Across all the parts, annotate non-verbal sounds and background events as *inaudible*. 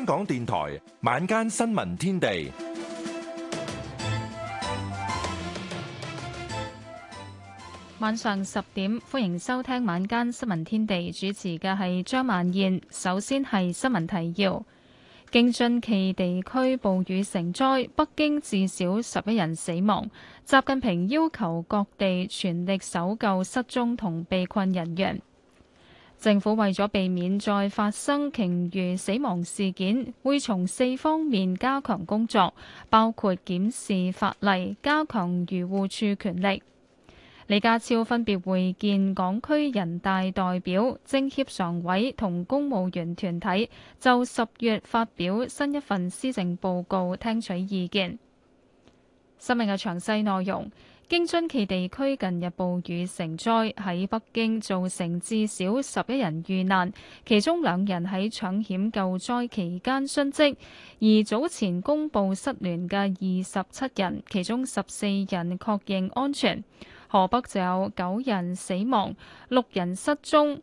香港電台晚間新聞天地，晚上十點，歡迎收聽晚間新聞天地，主持嘅係張曼燕。首先係新聞提要，京津冀地區暴雨成災，北京至少十一人死亡。習近平要求各地全力搜救失蹤同被困人員。政府為咗避免再發生鯨魚死亡事件，會從四方面加強工作，包括檢視法例、加強漁護處權力。李家超分別會見港區人大代表、政協常委同公務員團體，就十月發表新一份施政報告，聽取意見。新聞嘅詳細內容。京津冀地區近日暴雨成災，喺北京造成至少十一人遇難，其中兩人喺搶險救災期間殉職；而早前公布失聯嘅二十七人，其中十四人確認安全。河北就有九人死亡，六人失蹤。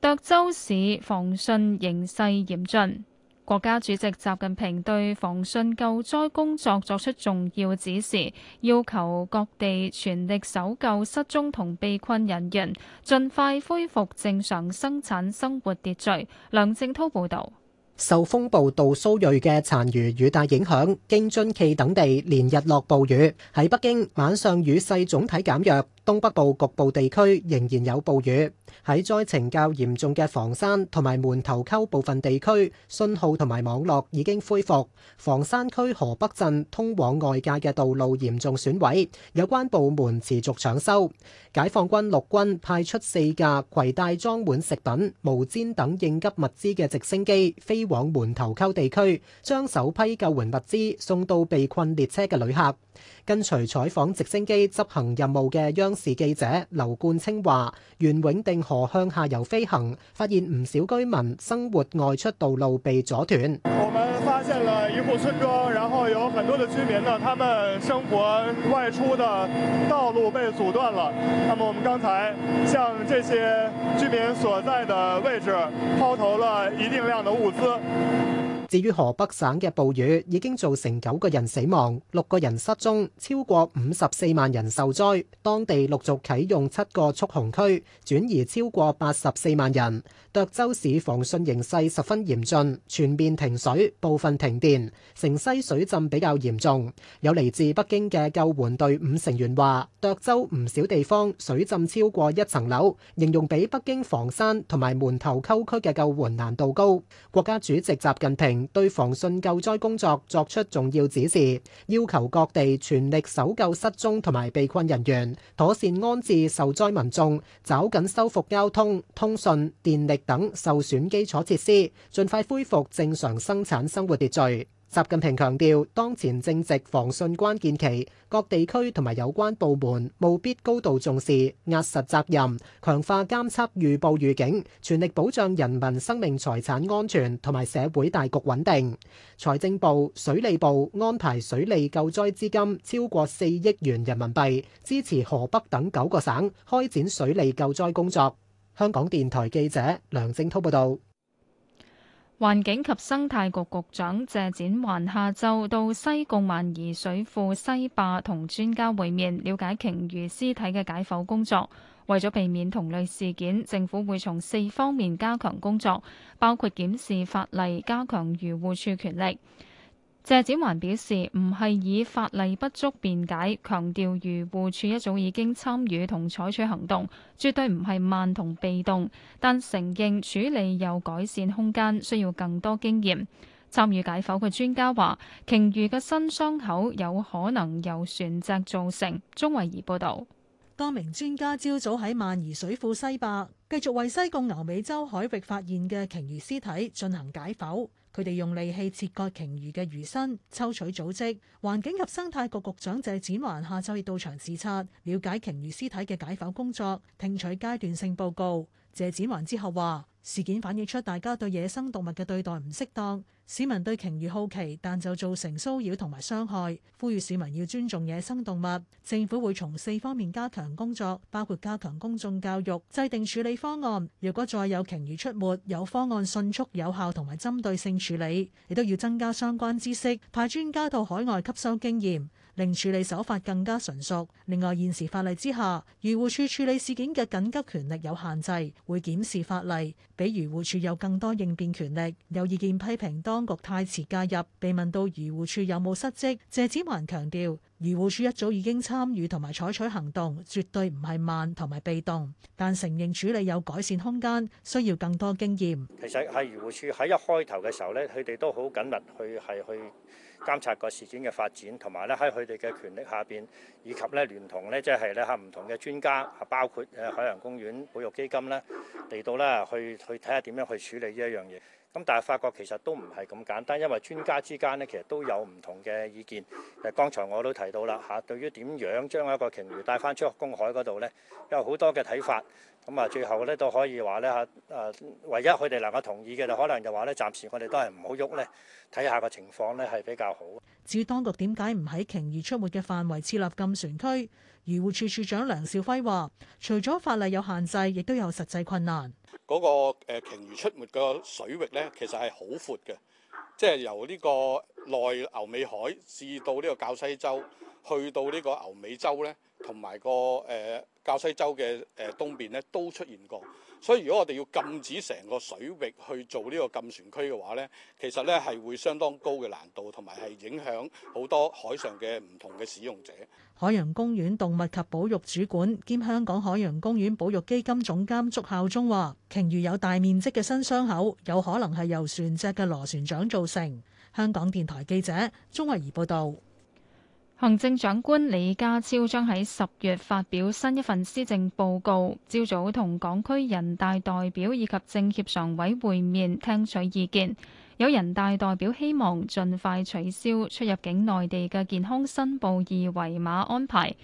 涿州市防汛形勢嚴峻。國家主席習近平對防汛救災工作作出重要指示，要求各地全力搜救失蹤同被困人員，盡快恢復正常生產生活秩序。梁正滔報道。受風暴杜蘇芮嘅殘餘雨帶影響，京津冀等地連日落暴雨，喺北京晚上雨勢總體減弱。東北部局部地區仍然有暴雨，喺災情較嚴重嘅房山同埋門頭溝部分地區，信號同埋網絡已經恢復。房山區河北鎮通往外界嘅道路嚴重損毀，有關部門持續搶修。解放軍陸軍派出四架攜帶裝滿食品、毛氈等應急物資嘅直升機飛往門頭溝地區，將首批救援物資送到被困列車嘅旅客。跟隨採訪直升機執行任務嘅央視記者劉冠清話，沿永定河向下游飛行，發現唔少居民生活外出道路被阻斷。 *music* 我們發現了一戶村莊，然後有很多的居民呢，他們生活外出的道路被阻斷了。那麼我們剛才向這些居民所在的位置拋投了一定量的物資。至於河北省嘅暴雨已經造成九個人死亡、六個人失蹤，超過五十四萬人受災。當地陸續啟用七個蓄洪區，轉移超過八十四萬人。涿州市防汛形勢十分嚴峻，全面停水、部分停電，城西水浸比較嚴重。有嚟自北京嘅救援隊伍成員話，涿州唔少地方水浸超過一層樓，形容比北京房山同埋門頭溝區嘅救援難度高。國家主席習近平對防汛救災工作作出重要指示，要求各地全力搜救失蹤同埋被困人員，妥善安置受災民眾，抓緊修復交通、通訊、電力等受損基礎設施，盡快恢復正常生產生活秩序。習近平強調，當前正值防汛關鍵期，各地區同埋有關部門務必高度重視，壓實責任，強化監測預報預警，全力保障人民生命財產安全同埋社會大局穩定。財政部、水利部安排水利救災資金超過四億元人民幣，支持河北等九個省開展水利救災工作。香港電台記者梁正濤報道。環境及生態局局長謝展寰下晝到西貢萬宜水庫西壩同專家會面，了解鯨魚屍體嘅解剖工作。為咗避免同類事件，政府會從四方面加強工作，包括檢視法例，加強漁護署權力。謝展環表示，唔係以法例不足辯解，強調漁護署一早已經參與同採取行動，絕對唔係慢同被動，但承認處理有改善空間，需要更多經驗。參與解剖嘅專家話，鯨魚嘅新傷口有可能由船隻造成。鍾慧儀報導，多名專家朝早喺萬宜水庫西壩繼續為西貢牛尾洲海域發現嘅鯨魚屍體進行解剖。佢哋用利器切割鯨魚嘅魚身，抽取組織，環境及生態局局長謝展寰下晝亦到場視察，了解鯨魚屍體嘅解剖工作，聽取階段性報告。謝展寰之後話。事件反映出大家對野生動物嘅對待唔適當，市民對鯨魚好奇，但就造成騷擾同埋傷害。呼籲市民要尊重野生動物，政府會從四方面加強工作，包括加強公眾教育、制定處理方案。如果再有鯨魚出沒，有方案迅速有效同埋針對性處理，亦都要增加相關知識，派專家到海外吸收經驗。令處理手法更加純熟。另外現時法例之下，漁護署處理事件嘅緊急權力有限制，會檢視法例。畀漁護署有更多應變權力。有意見批評當局太遲介入。被問到漁護署有冇失職，謝子文強調漁護署一早已經參與同埋採取行動，絕對唔係慢同埋被動。但承認處理有改善空間，需要更多經驗。其實喺漁護署喺一開頭嘅時候咧，佢哋都好緊密去係去。監察個事件嘅發展，同埋咧喺佢哋嘅權力下邊，以及咧聯同咧即係咧嚇唔同嘅專家，包括誒海洋公園保育基金咧嚟到咧去去睇下點樣去處理呢一樣嘢。咁但係發覺其實都唔係咁簡單，因為專家之間咧其實都有唔同嘅意見。誒，剛才我都提到啦嚇、啊，對於點樣將一個鯨魚帶翻出公海嗰度咧，有好多嘅睇法。咁啊，最後咧都可以話呢，嚇、啊、誒，唯一佢哋能夠同意嘅就可能就話咧，暫時我哋都係唔好喐呢，睇下個情況呢係比較好。至於當局點解唔喺鯨魚出沒嘅範圍設立禁船區？漁護署署長梁兆輝話：除咗法例有限制，亦都有實際困難。嗰個誒，鯨魚出沒嘅水域咧，其實係好闊嘅，即係由呢個內牛尾海至到呢個滘西洲。去到呢個牛美洲咧，同埋個誒教、呃、西洲嘅誒東邊咧，都出現過，所以如果我哋要禁止成個水域去做呢個禁船區嘅話咧，其實咧係會相當高嘅難度，同埋係影響好多海上嘅唔同嘅使用者。海洋公園動物及保育主管兼香港海洋公園保育基金總監祝孝忠話鯨魚有大面積嘅新傷口，有可能係由船隻嘅螺旋槳造成。香港電台記者鍾慧儀報道。行政長官李家超將喺十月發表新一份施政報告，朝早同港區人大代表以及政協常委會面聽取意見。有人大代表希望盡快取消出入境內地嘅健康申報二維碼安排。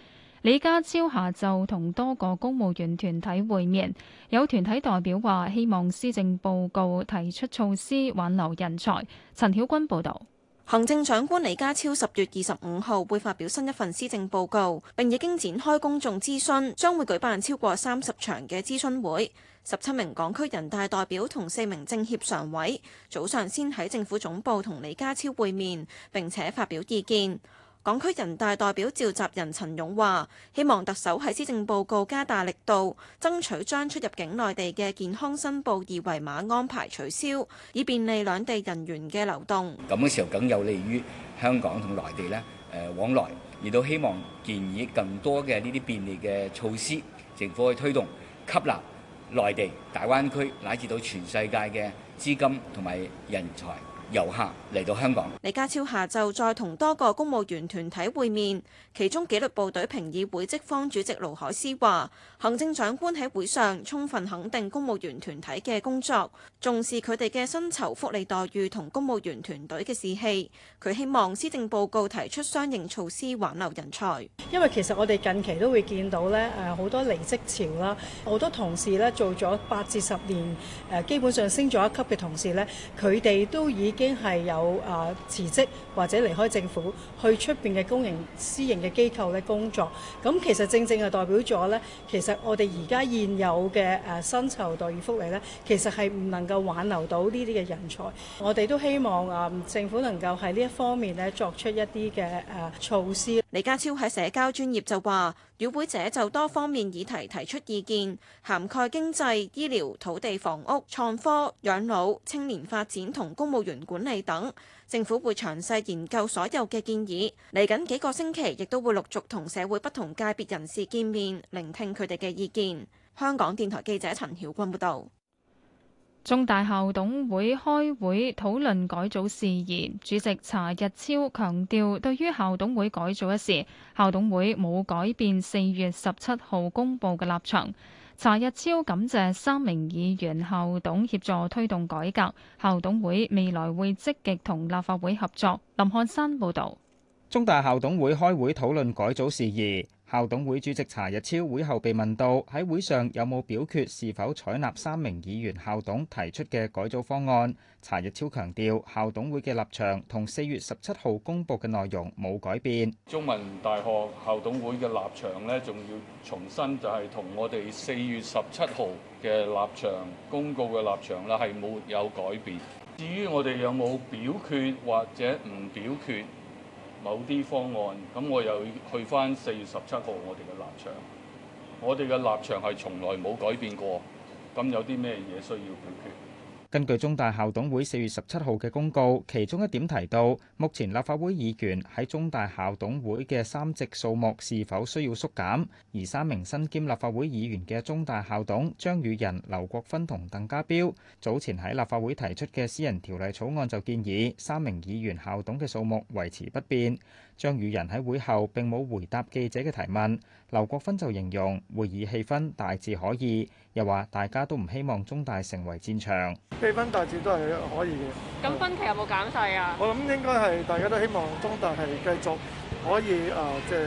李家超下晝同多個公務員團體會面，有團體代表話希望施政報告提出措施挽留人才。陳曉君報導。行政長官李家超十月二十五號會發表新一份施政報告，並已經展開公眾諮詢，將會舉辦超過三十場嘅諮詢會。十七名港區人大代表同四名政協常委早上先喺政府總部同李家超會面，並且發表意見。港區人大代表召集人陳勇話，希望特首喺施政報告加大力度，爭取將出入境內地嘅健康申報二維碼安排取消，以便利兩地人員嘅流動。咁嘅時候，更有利於香港同內地呢誒往來。亦都希望建議更多嘅呢啲便利嘅措施，政府去推動，吸納內地、大灣區乃至到全世界嘅資金同埋人才。遊客嚟到香港。李家超下晝再同多個公務員團體會面，其中紀律部隊評議會職方主席盧海思話。行政長官喺會上充分肯定公務員團體嘅工作，重視佢哋嘅薪酬福利待遇同公務員團隊嘅士氣。佢希望施政報告提出相應措施挽留人才。因為其實我哋近期都會見到咧誒好多離職潮啦，好多同事咧做咗八至十年誒基本上升咗一級嘅同事咧，佢哋都已經係有誒辭職或者離開政府去出邊嘅公營、私營嘅機構咧工作。咁其實正正係代表咗咧，其其實我哋而家現有嘅誒薪酬待遇福利咧，其實係唔能夠挽留到呢啲嘅人才。我哋都希望啊，政府能夠喺呢一方面咧作出一啲嘅誒措施。李家超喺社交專業就話，與會者就多方面議題提出意見，涵蓋經濟、醫療、土地、房屋、創科、養老、青年發展同公務員管理等。政府會詳細研究所有嘅建議，嚟緊幾個星期亦都會陸續同社會不同界別人士見面，聆聽佢哋嘅意見。香港電台記者陳曉君報道。中大校董會開會討論改組事宜，主席查日超強調，對於校董會改組一事，校董會冇改變四月十七號公布嘅立場。查日超感謝三名議員校董協助推動改革，校董會未來會積極同立法會合作。林漢山報導。中大校董會開會討論改組事宜。校董會主席查日超會後被問到喺會上有冇表決是否採納三名議員校董提出嘅改組方案？查日超強調校董會嘅立場同四月十七號公佈嘅內容冇改變。中文大學校董會嘅立場呢，仲要重新就係同我哋四月十七號嘅立場公告嘅立場呢，係冇有改變。至於我哋有冇表決或者唔表決？某啲方案，咁我又去翻四月十七號，我哋嘅立場，我哋嘅立場係從來冇改變過，咁有啲咩嘢需要解決？根據中大校董會四月十七號嘅公告，其中一點提到，目前立法會議員喺中大校董會嘅三席數目是否需要縮減？而三名身兼立法會議員嘅中大校董張宇人、劉國勳同鄧家彪，早前喺立法會提出嘅私人條例草案就建議三名議員校董嘅數目維持不變。張宇人喺會後並冇回答記者嘅提問，劉國勳就形容會議氣氛大致可以。又話大家都唔希望中大成為戰場，氣氛大致都係可以嘅。咁分歧有冇減細啊？我諗應該係大家都希望中大係繼續可以誒即係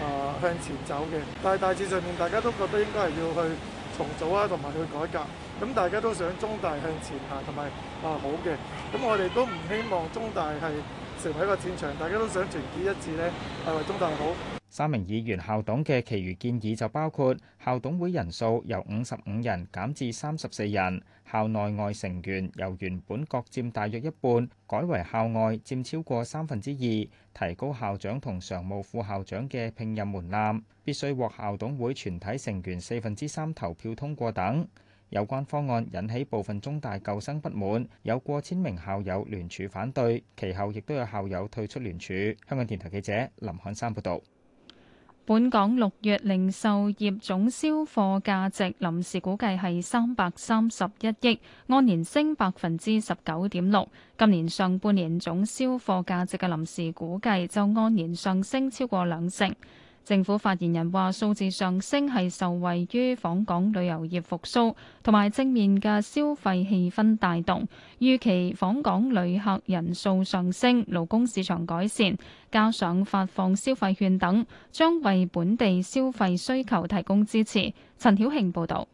誒向前走嘅。但係大致上面大家都覺得應該係要去重組啊，同埋去改革。咁大家都想中大向前行，同埋啊好嘅。咁我哋都唔希望中大係成為一個戰場。大家都想團結一致咧，係為中大好。三名議員校董嘅其餘建議就包括校董會人數由五十五人減至三十四人，校內外成員由原本各佔大約一半，改為校外佔超過三分之二，提高校長同常務副校長嘅聘任門檻，必須獲校董會全體成員四分之三投票通過等。有關方案引起部分中大舊生不滿，有過千名校友聯署反對，其後亦都有校友退出聯署。香港電台記者林漢山報導。本港六月零售業總銷貨價值臨時估計係三百三十一億，按年升百分之十九點六。今年上半年總銷貨價值嘅臨時估計就按年上升超過兩成。政府發言人話，數字上升是受惠於訪港旅遊業復甦，同埋正面的消費氣氛大動，預期訪港旅客人數上升，勞工市場改善，加上發放消費券等，將為本地消費需求提供支持。陳曉慶報道。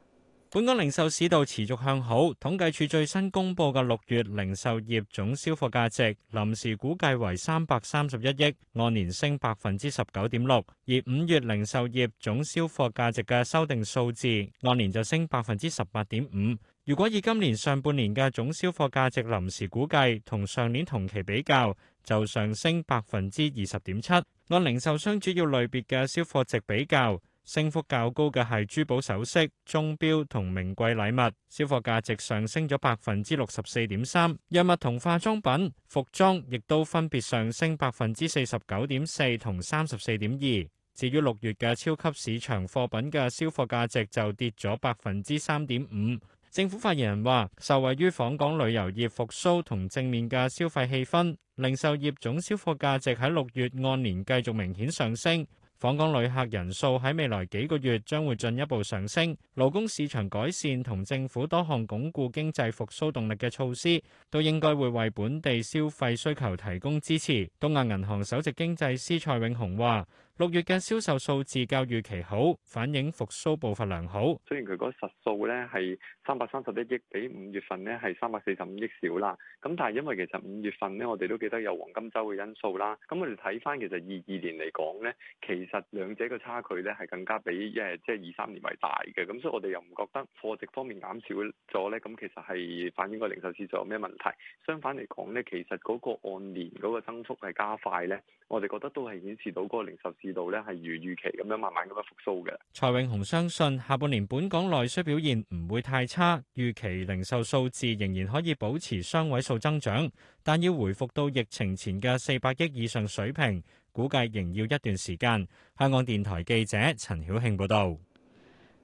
本港零售市道持續向好，統計處最新公佈嘅六月零售業總銷貨價值臨時估計為三百三十一億，按年升百分之十九點六。而五月零售業總銷貨價值嘅修訂數字，按年就升百分之十八點五。如果以今年上半年嘅總銷貨價值臨時估計，同上年同期比較，就上升百分之二十點七。按零售商主要類別嘅銷貨值比較，升幅較高嘅係珠寶首飾、鐘錶同名貴禮物，銷貨價值上升咗百分之六十四點三。藥物同化妝品、服裝亦都分別上升百分之四十九點四同三十四點二。至於六月嘅超級市場貨品嘅銷貨價值就跌咗百分之三點五。政府發言人話：受惠於訪港旅遊業復甦同正面嘅消費氣氛，零售業總銷貨價值喺六月按年繼續明顯上升。訪港旅客人數喺未來幾個月將會進一步上升，勞工市場改善同政府多項鞏固經濟復甦動力嘅措施，都應該會為本地消費需求提供支持。東亞銀行首席經濟師蔡永雄話。六月嘅銷售數字較預期好，反映復甦步伐良好。雖然佢嗰實數咧係三百三十一億，比五月份咧係三百四十五億少啦。咁但係因為其實五月份咧，我哋都記得有黃金周嘅因素啦。咁我哋睇返其實二二年嚟講咧，其實兩者嘅差距咧係更加比誒即係二三年為大嘅。咁所以我哋又唔覺得貨值方面減少咗咧，咁其實係反映個零售市場有咩問題。相反嚟講咧，其實嗰個按年嗰個增速係加快咧，我哋覺得都係顯示到嗰個零售市度呢係如預期咁樣慢慢咁樣復甦嘅。蔡永雄相信下半年本港內需表現唔會太差，預期零售數字仍然可以保持雙位數增長，但要回復到疫情前嘅四百億以上水平，估計仍要一段時間。香港電台記者陳曉慶報道。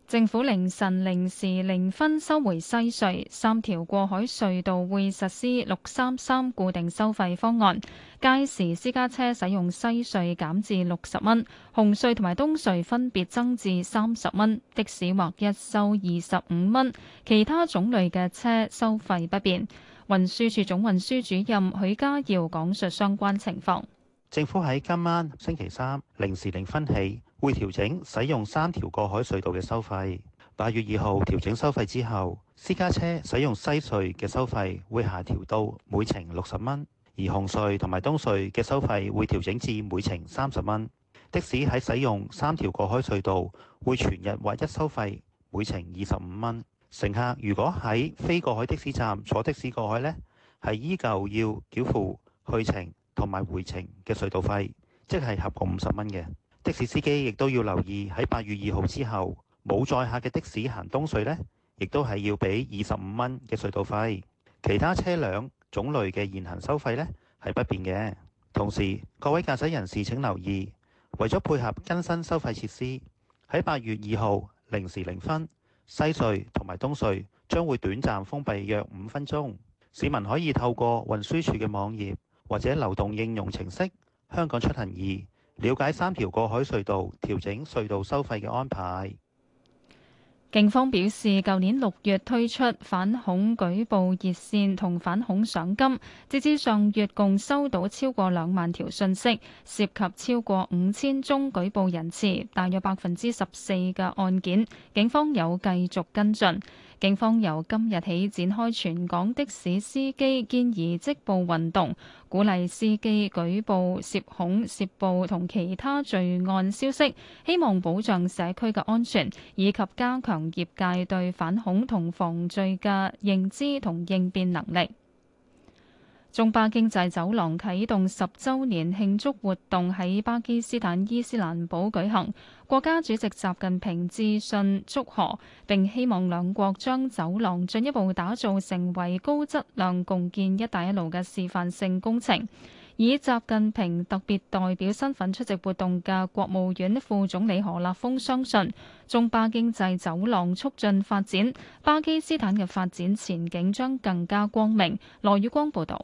政府凌晨零時零分收回西隧，三條過海隧道會實施六三三固定收費方案。屆時私家車使用西隧減至六十蚊，紅隧同埋東隧分別增至三十蚊，的士劃一收二十五蚊，其他種類嘅車收費不變。運輸處總運輸主任許家耀講述相關情況。政府喺今晚星期三零時零分起。會調整使用三條過海隧道嘅收費。八月二號調整收費之後，私家車使用西隧嘅收費會下調到每程六十蚊，而紅隧同埋東隧嘅收費會調整至每程三十蚊。的士喺使用三條過海隧道會全日劃一收費每程二十五蚊。乘客如果喺非過海的士站坐的士過海呢，係依舊要繳付去程同埋回程嘅隧道費，即係合共五十蚊嘅。的士司機亦都要留意，喺八月二號之後冇載客嘅的、的士行東隧呢，亦都係要俾二十五蚊嘅隧道費。其他車輛種類嘅現行收費呢，係不變嘅。同時，各位駕駛人士請留意，為咗配合更新收費設施，喺八月二號零時零分，西隧同埋東隧將會短暫封閉約五分鐘。市民可以透過運輸署嘅網頁或者流動應用程式《香港出行易》，了解三條過海隧道調整隧道收費嘅安排。警方表示，舊年六月推出反恐舉報熱線同反恐賞金，截至上月共收到超過兩萬條信息，涉及超過五千宗舉報人次，大約百分之十四嘅案件，警方有繼續跟進。警方由今日起展開全港的士司機見疑即報運動，鼓勵司機舉報涉恐、涉暴同其他罪案消息，希望保障社區嘅安全，以及加強業界對反恐同防罪嘅認知同應變能力。中巴經濟走廊啟動十週年慶祝活動喺巴基斯坦伊斯蘭堡舉行。國家主席習近平致信祝賀，並希望兩國將走廊進一步打造成為高質量共建“一帶一路”嘅示範性工程。以習近平特別代表身份出席活動嘅國務院副總理何立峰相信，中巴經濟走廊促進發展，巴基斯坦嘅發展前景將更加光明。羅宇光報導。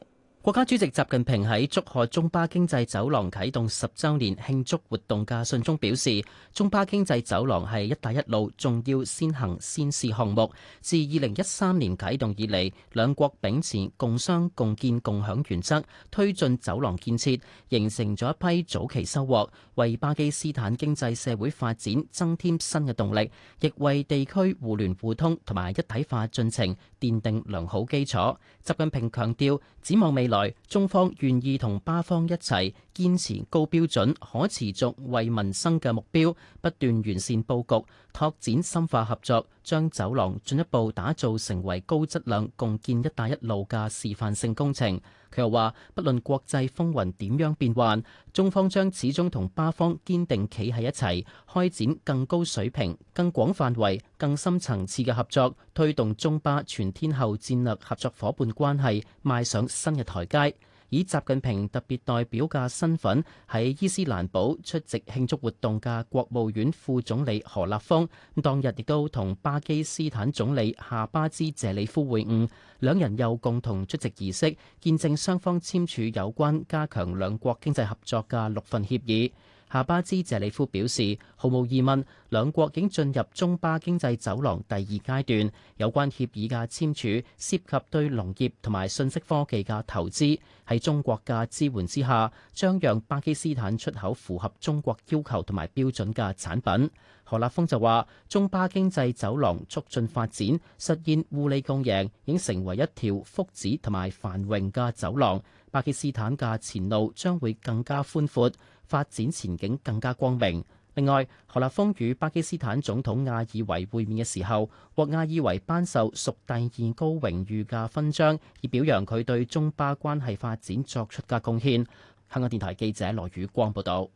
國家主席習近平喺祝賀中巴經濟走廊啓動十週年慶祝活動嘅信中表示，中巴經濟走廊係「一帶一路」重要先行先試項目。自二零一三年啓動以嚟，兩國秉持共商共建共享原則，推進走廊建設，形成咗一批早期收穫，為巴基斯坦經濟社會發展增添新嘅動力，亦為地區互聯互通同埋一體化進程奠定良好基礎。習近平強調，展望未來。中方願意同巴方一齊堅持高標準、可持續為民生嘅目標，不斷完善佈局，拓展深化合作，將走廊進一步打造成為高質量共建“一帶一路”嘅示範性工程。佢又話，不論國際風雲點樣變幻，中方將始終同巴方堅定企喺一齊，開展更高水平、更廣範圍、更深層次嘅合作，推動中巴全天候戰略合作伙伴關係邁上新嘅台階。以習近平特別代表嘅身份喺伊斯蘭堡出席慶祝活動嘅國務院副總理何立峰，當日亦都同巴基斯坦總理夏巴茲謝里夫會晤，兩人又共同出席儀式，見證雙方簽署有關加強兩國經濟合作嘅六份協議。夏巴茲謝里夫表示，毫無疑問，兩國已經進入中巴經濟走廊第二階段。有關協議嘅簽署涉及對農業同埋信息科技嘅投資，喺中國嘅支援之下，將讓巴基斯坦出口符合中國要求同埋標準嘅產品。何立峰就話，中巴經濟走廊促進發展，實現互利共贏，已經成為一條福祉同埋繁榮嘅走廊，巴基斯坦嘅前路將會更加寬闊，發展前景更加光明。另外，何立峰與巴基斯坦總統亞爾維會面嘅時候，獲亞爾維頒授屬第二高榮譽嘅勳章，以表揚佢對中巴關係發展作出嘅貢獻。香港電台記者羅宇光報道。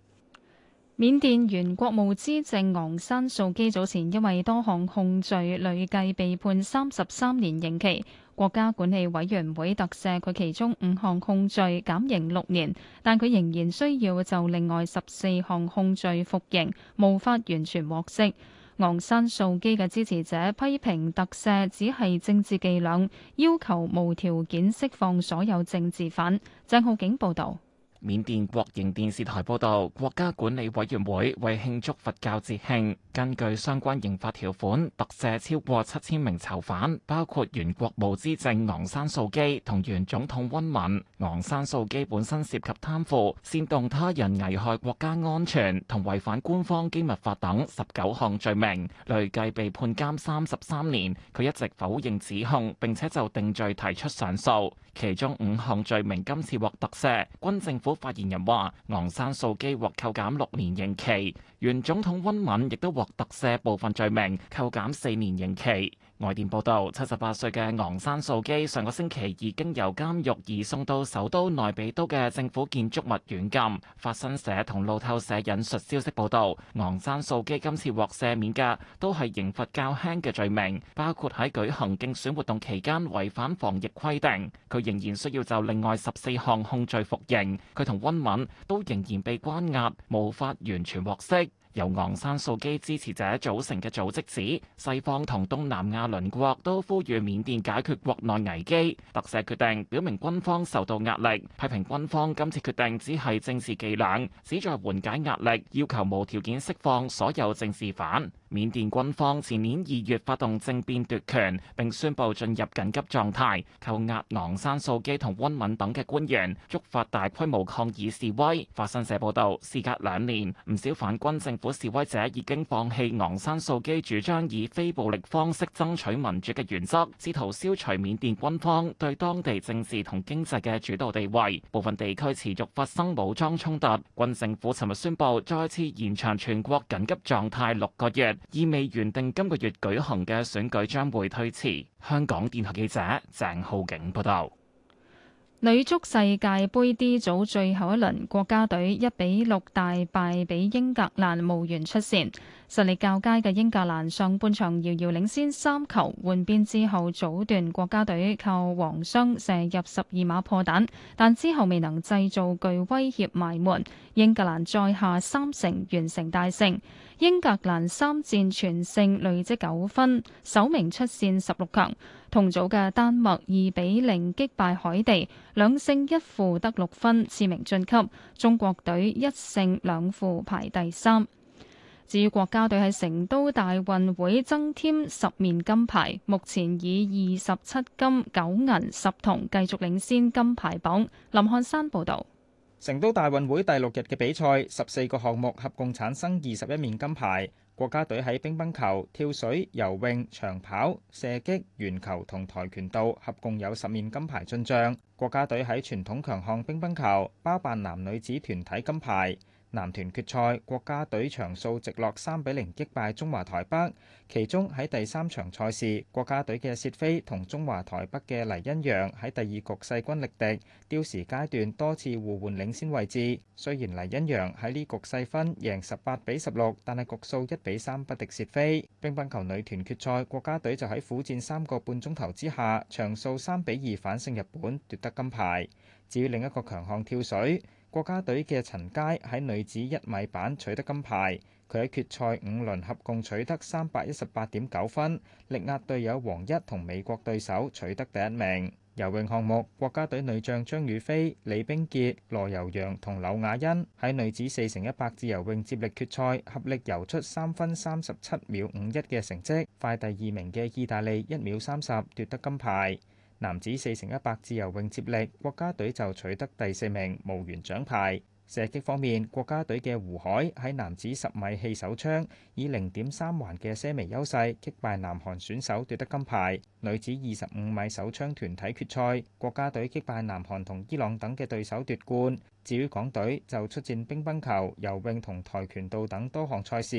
緬甸原國務資政昂山素基早前因為多項控罪累計被判三十三年刑期，國家管理委員會特赦佢其中五項控罪，減刑六年，但佢仍然需要就另外十四項控罪服刑，無法完全獲釋。昂山素基嘅支持者批評特赦只係政治伎倆，要求無條件釋放所有政治犯。鄭浩景報道。緬甸國營電視台報道，國家管理委員會為慶祝佛教節慶，根據相關刑法條款，特赦超過七千名囚犯，包括原國務資政昂山素基同原總統温敏。昂山素基本身涉及貪腐、煽動他人危害國家安全同違反官方機密法等十九項罪名，累計被判監三十三年。佢一直否認指控，並且就定罪提出上訴。其中五項罪名今次獲特赦，軍政府發言人話：昂山素姬獲扣減六年刑期，原總統温敏亦都獲特赦部分罪名，扣減四年刑期。外電報道，七十八歲嘅昂山素姬上個星期已經由監獄移送到首都內比都嘅政府建築物軟禁。法新社同路透社引述消息報導，昂山素姬今次獲赦免嘅都係刑罰較輕嘅罪名，包括喺舉行競選活動期間違反防疫規定。佢仍然需要就另外十四項控罪服刑。佢同温敏都仍然被關押，無法完全獲釋。由昂山素基支持者組成嘅組織指，西方同東南亞鄰國都呼籲緬甸解決國內危機。特赦決定表明軍方受到壓力，批評軍方今次決定只係政治伎倆，旨在緩解壓力，要求無條件釋放所有政治犯。緬甸軍方前年二月發動政變奪權，並宣布進入緊急狀態，扣押昂山素基同温敏等嘅官員，觸發大規模抗議示威。法新社報道，事隔兩年，唔少反軍政府示威者已經放棄昂山素基主張以非暴力方式爭取民主嘅原則，試圖消除緬甸軍方對當地政治同經濟嘅主導地位。部分地區持續發生武裝衝突，軍政府尋日宣布再次延長全國緊急狀態六個月。意味原定今個月舉行嘅選舉將會推遲。香港電台記者鄭浩景報道：女足世界盃 D 組最後一輪，國家隊一比六大敗俾英格蘭無緣出線。實力較佳嘅英格蘭上半場遙遙領先三球，換邊之後早段國家隊靠王霜射入十二碼破蛋，但之後未能製造具威脅埋門。英格蘭再下三城完成大勝。英格蘭三戰全勝，累積九分，首名出線十六強。同組嘅丹麥二比零擊敗海地，兩勝一負得六分，次名晉級。中國隊一勝兩負排第三。至於國家隊喺成都大運會增添十面金牌，目前以二十七金九銀十銅，繼續領先金牌榜。林漢山報道。成都大運會第六日嘅比賽，十四個項目合共產生二十一面金牌。國家隊喺乒乓球、跳水、游泳、長跑、射擊、鉛球同跆拳道合共有十面金牌進帳。國家隊喺傳統強項乒乓球包辦男女子團體金牌。男團決賽，國家隊場數直落三比零擊敗中華台北。其中喺第三場賽事，國家隊嘅薛飛同中華台北嘅黎欣陽喺第二局勢均力敵，丟時階段多次互換領先位置。雖然黎欣陽喺呢局細分贏十八比十六，但係局數一比三不敵薛飛。乒乓球女團決賽，國家隊就喺苦戰三個半鐘頭之下，場數三比二反勝日本，奪得金牌。至於另一個強項跳水。國家隊嘅陳佳喺女子一米板取得金牌，佢喺決賽五輪合共取得三百一十八點九分，力壓隊友黃一同美國對手取得第一名。游泳項目，國家隊女將張雨霏、李冰潔、羅悠揚同柳雅欣喺女子四乘一百自由泳接力決賽，合力游出三分三十七秒五一嘅成績，快第二名嘅意大利一秒三十奪得金牌。男子四乘一百自由泳接力，國家隊就取得第四名，無緣獎牌。射擊方面，國家隊嘅胡海喺男子十米氣手槍以零點三環嘅些微優勢擊敗南韓選手奪得金牌。女子二十五米手槍團體決賽，國家隊擊敗南韓同伊朗等嘅對手奪冠。至於港隊就出戰乒乓球、游泳同跆拳道等多項賽事。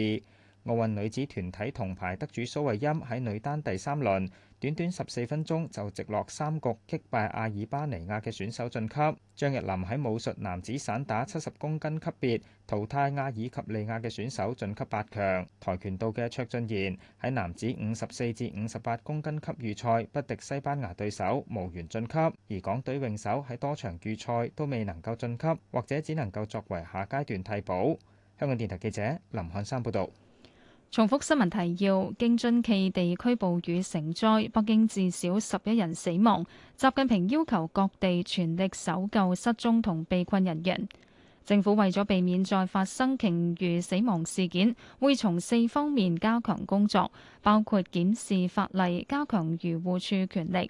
奧運女子團體銅牌得主蘇慧音喺女單第三輪，短短十四分鐘就直落三局擊敗阿爾巴尼亞嘅選手晉級。張日林喺武術男子散打七十公斤級別，淘汰阿爾及利亞嘅選手晉級八強。跆拳道嘅卓俊賢喺男子五十四至五十八公斤級預賽，不敵西班牙對手，無緣晉級。而港隊泳手喺多場預賽都未能夠晉級，或者只能夠作為下階段替補。香港電台記者林漢山報導。重複新聞提要：京津冀地區暴雨成災，北京至少十一人死亡。習近平要求各地全力搜救失蹤同被困人員。政府為咗避免再發生鯨魚死亡事件，會從四方面加強工作，包括檢視法例、加強漁護處權力。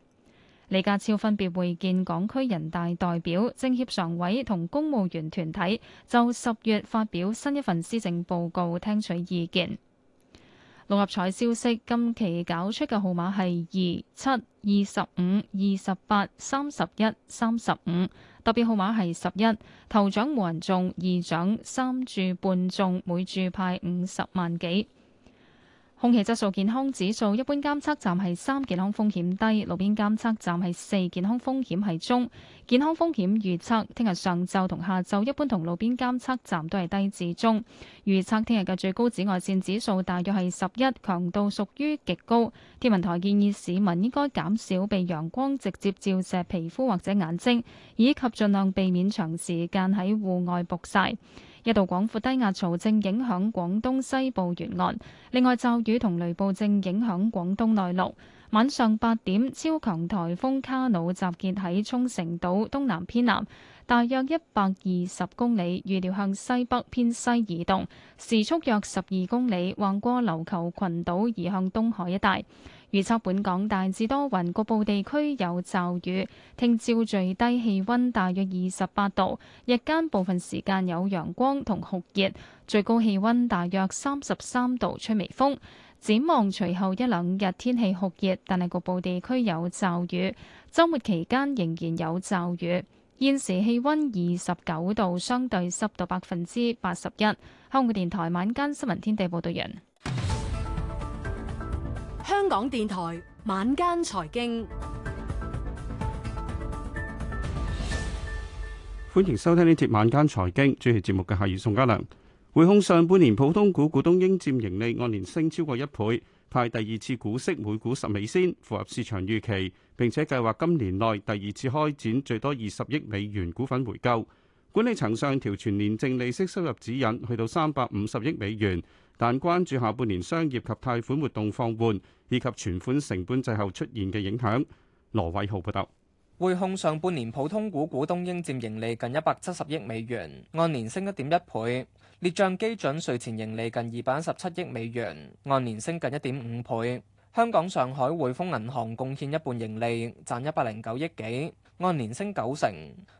李家超分別會見港區人大代表、政協常委同公務員團體，就十月發表新一份施政報告，聽取意見。六合彩消息，今期搞出嘅號碼係二、七、二十五、二十八、三十一、三十五，特別號碼係十一。頭獎冇人中，二獎三注半中，每注派五十萬幾。空氣質素健康指數，一般監測站係三，健康風險低，路邊監測站係四，健康風險係中。健康風險預測，聽日上晝同下晝一般同路邊監測站都係低至中。預測聽日嘅最高紫外線指數大約係十一，強度屬於極高。天文台建議市民應該減少被陽光直接照射皮膚或者眼睛，以及盡量避免長時間喺戶外曝曬。一道廣闊低壓槽正影響廣東西部沿岸，另外驟雨同雷暴正影響廣東內陸。晚上八點，超強颱風卡努集結喺沖繩島東南偏南，大約一百二十公里，預料向西北偏西移動，時速約十二公里，橫過琉球群島移向東海一帶。預測本港大致多雲，局部地區有驟雨。聽朝最低氣溫大約二十八度，日間部分時間有陽光同酷熱，最高氣溫大約三十三度，吹微風。展望隨後一兩日天氣酷熱，但係局部地區有驟雨。周末期間仍然有驟雨。現時氣溫二十九度，相對濕度百分之八十一。香港電台晚間新聞天地報道人。香港電台晚間財經，歡迎收聽呢節晚間財經，主持節目嘅係宋嘉良。匯控上半年普通股股東應佔盈利按年升超過一倍，派第二次股息每股十美仙，符合市場預期，並且計劃今年內第二次開展最多二十億美元股份回購。管理層上調全年淨利息收入指引，去到三百五十億美元。但關注下半年商業及貸款活動放緩以及存款成本滯後出現嘅影響。羅偉浩報道，匯控上半年普通股股東應佔盈利近一百七十億美元，按年升一點一倍；列賬基準稅前盈利近二百一十七億美元，按年升近一點五倍。香港、上海匯豐銀行貢獻一半盈利，賺一百零九億幾，按年升九成。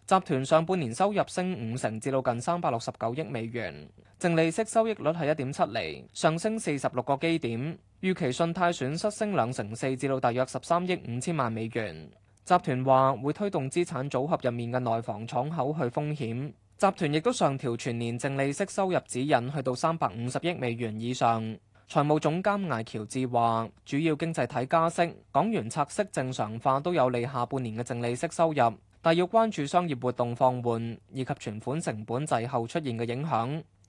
集團上半年收入升五成，至到近三百六十九億美元，淨利息收益率係一點七厘，上升四十六個基點。預期信貸損失升兩成四，至到大約十三億五千萬美元。集團話會推動資產組合入面嘅內房敞口去風險。集團亦都上調全年淨利息收入指引，去到三百五十億美元以上。財務總監艾喬治話：主要經濟體加息，港元拆息正常化都有利下半年嘅淨利息收入，但要關注商業活動放緩以及存款成本滯後出現嘅影響。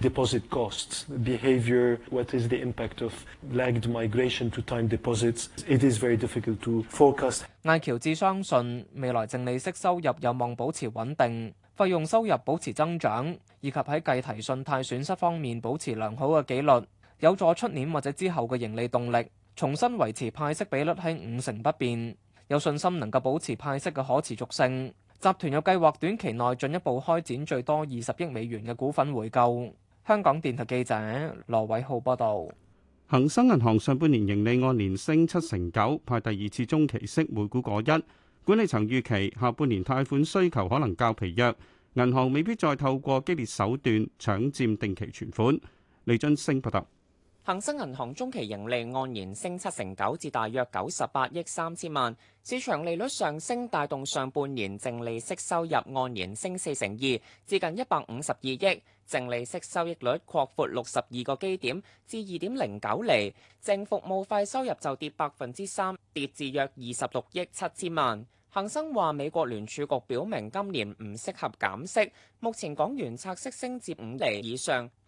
deposit costs behavior, what is the impact of lagged migration to time deposits？It is very difficult to focus. 艾喬治相信未來淨利息收入有望保持穩定，費用收入保持增長，以及喺計提信貸損失方面保持良好嘅紀律，有助出年或者之後嘅盈利動力。重新維持派息比率喺五成不變，有信心能夠保持派息嘅可持續性。集團有計劃短期內進一步開展最多二十億美元嘅股份回購。香港電台記者羅偉浩報道，恒生銀行上半年盈利按年升七成九，派第二次中期息每股果一。管理層預期下半年貸款需求可能較疲弱，銀行未必再透過激烈手段搶占定期存款。李津升報道。恒生銀行中期盈利按年升七成九，至大約九十八億三千萬。市場利率上升帶動上半年淨利息收入按年升四成二，至近一百五十二億。淨利息收益率擴闊六十二個基點，至二點零九厘。淨服務費收入就跌百分之三，跌至約二十六億七千萬。恒生話：美國聯儲局表明今年唔適合減息，目前港元拆息升至五厘以上。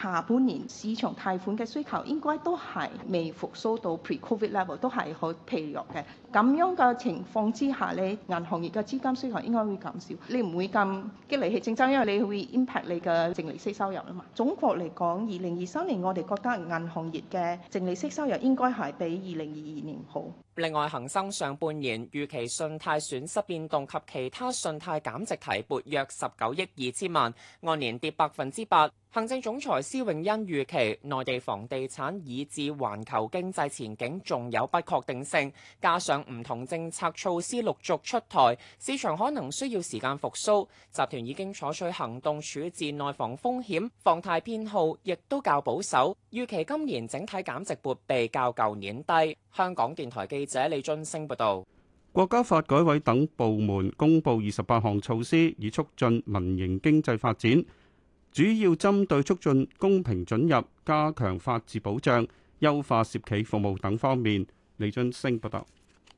下半年市場貸款嘅需求應該都係未復甦到 pre-COVID level，都係好疲弱嘅。咁樣嘅情況之下咧，銀行業嘅資金需求應該會減少，你唔會咁激烈去競爭，因為你會 impact 你嘅淨利息收入啊嘛。總括嚟講，二零二三年我哋覺得銀行業嘅淨利息收入應該係比二零二二年好。另外，恒生上半年預期信貸損失變動及其他信貸減值提撥約十九億二千萬，按年跌百分之八。行政總裁施永恩預期內地房地產以至環球經濟前景仲有不確定性，加上唔同政策措施陸續出台，市場可能需要時間復甦。集團已經採取行動處置內房風險，房貸偏好亦都較保守，預期今年整體減值撥備較舊年低。香港電台記者李津升報道。國家發改委等部門公布二十八項措施，以促進民營經濟發展。主要針對促進公平准入、加強法治保障、優化涉企服務等方面。李俊升報道。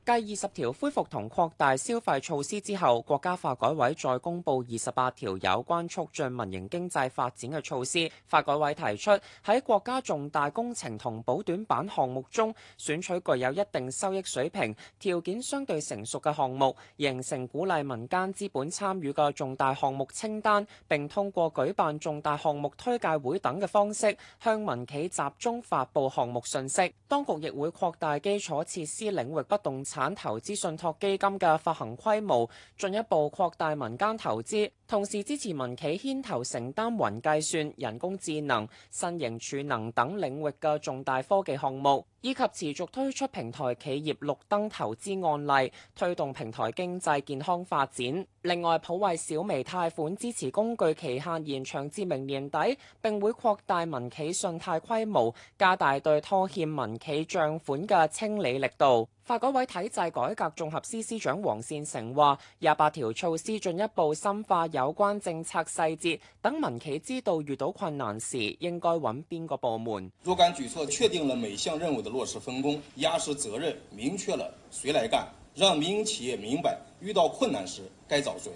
繼二十條恢復同擴大消費措施之後，國家發改委再公布二十八條有關促進民營經濟發展嘅措施。發改委提出喺國家重大工程同補短板項目中，選取具有一定收益水平、條件相對成熟嘅項目，形成鼓勵民間資本參與嘅重大項目清單。並通過舉辦重大項目推介會等嘅方式，向民企集中發布項目信息。當局亦會擴大基礎設施領域不動產投資信託基金嘅發行規模，進一步擴大民間投資。同時支持民企牽頭承擔雲計算、人工智能、新型儲能等領域嘅重大科技項目，以及持續推出平台企業綠燈投資案例，推動平台經濟健康發展。另外，普惠小微貸款支持工具期限延長至明年底，並會擴大民企信貸規模，加大對拖欠民企賬款嘅清理力度。發改委體制改革綜合司司長王善成話：廿八條措施進一步深化有關政策細節，等民企知道遇到困難時應該揾邊個部門。若干舉措確定了每項任務的落實分工，壓實責任，明確了誰來幹，讓民營企業明白遇到困難時該找誰。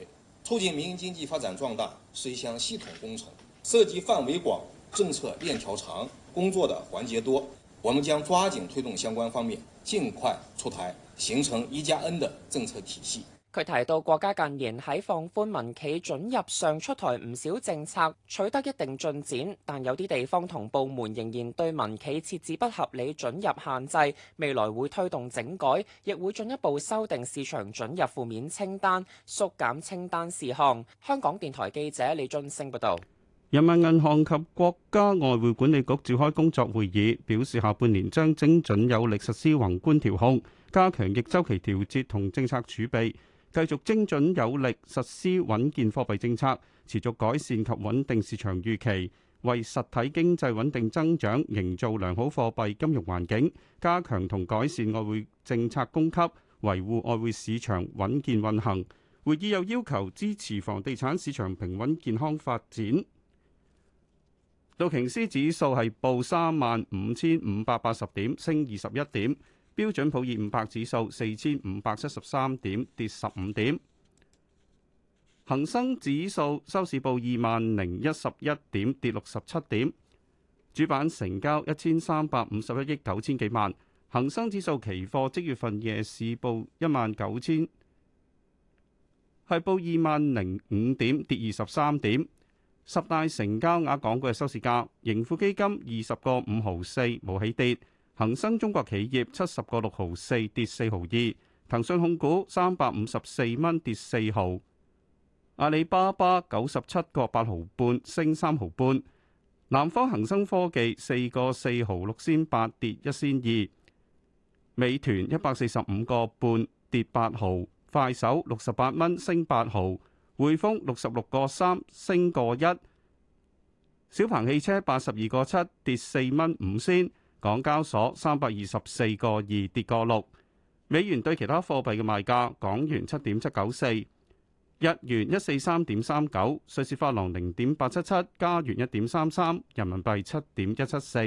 促進民營經濟發展壯大是一項系統工程，涉及範圍廣，政策鏈條長，工作的環節多，我們將抓緊推動相關方面。盡快出台，形成一加 N 嘅政策體系。佢提到，國家近年喺放寬民企准入上出台唔少政策，取得一定進展，但有啲地方同部門仍然對民企設置不合理准入限制。未來會推動整改，亦會進一步修訂市場准入負面清單，縮減清單事項。香港電台記者李俊升報道。人民銀行及國家外匯管理局召開工作會議，表示下半年將精準有力實施宏觀調控，加強逆周期調節同政策儲備，繼續精準有力實施穩健貨幣政策，持續改善及穩定市場預期，為實體經濟穩定增長營造良好貨幣金融環境，加強同改善外匯政策供給，維護外匯市場穩健運行。會議又要求支持房地產市場平穩健康發展。道瓊斯指數係報三萬五千五百八十點，升二十一點；標準普爾五百指數四千五百七十三點，跌十五點；恒生指數收市報二萬零一十一點，跌六十七點。主板成交一千三百五十一億九千幾萬。恒生指數期貨即月份夜市報一萬九千，係報二萬零五點，跌二十三點。十大成交額港股嘅收市價，盈富基金二十個五毫四，冇起跌；恒生中國企業七十個六毫四，跌四毫二；騰訊控股三百五十四蚊，跌四毫；阿里巴巴九十七個八毫半，升三毫半；南方恒生科技四個四毫六先八，跌一先二；美團一百四十五個半，跌八毫；快手六十八蚊，升八毫。匯豐六十六個三，升個一，小鵬汽車八十二個七，跌四蚊五仙，港交所三百二十四個二，跌個六。美元對其他貨幣嘅賣價：港元七點七九四，日元一四三點三九，瑞士法郎零點八七七，加元一點三三，人民幣七點一七四，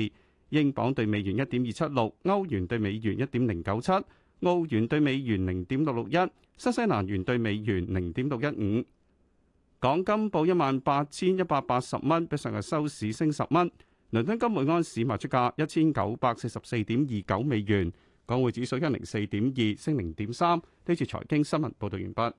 英鎊兌美元一點二七六，歐元兌美元一點零九七，澳元兌美元零點六六一，新西蘭元兌美元零點六一五。港金報一萬八千一百八十蚊，比上日收市升十蚊。倫敦金每安士賣出價一千九百四十四點二九美元。港匯指數一零四點二，升零點三。呢次財經新聞報道完畢。